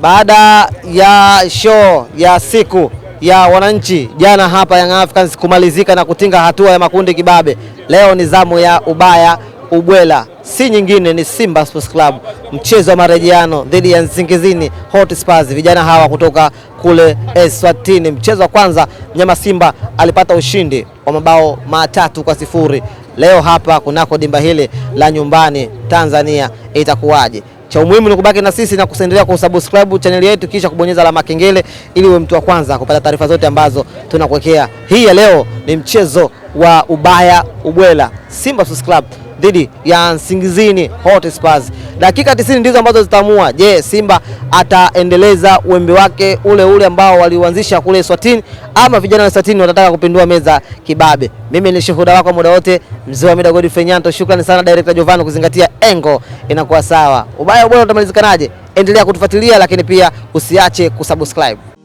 baada ya show ya siku ya wananchi jana hapa Young Africans kumalizika na kutinga hatua ya makundi kibabe, leo ni zamu ya ubaya ubwela, si nyingine ni Simba Sports Club, mchezo wa marejeano dhidi ya Nsingizini Hot Spurs, vijana hawa kutoka kule Eswatini. Mchezo wa kwanza mnyama Simba alipata ushindi wa mabao matatu kwa sifuri. Leo hapa kunako dimba hili la nyumbani Tanzania itakuwaje? Cha umuhimu ni kubaki na sisi na kuendelea kusubscribe channel yetu kisha kubonyeza alama kengele ili uwe mtu wa kwanza kupata taarifa zote ambazo tunakuwekea. Hii ya leo ni mchezo wa ubaya ubwela. Simba Sports Club dhidi ya Nsingizini Hotspurs. Dakika 90 ndizo ambazo zitamua je, Simba ataendeleza wembe wake ule ule ambao waliuanzisha kule Swatini ama vijana wa Swatini watataka kupindua meza kibabe. Mimi ni shuhuda wako muda wote, mzee wa mida Godfrey Fenyanto. Shukrani sana director Jovano kuzingatia engo inakuwa sawa. Ubaya ubora utamalizikanaje? Endelea kutufuatilia lakini pia usiache kusubscribe.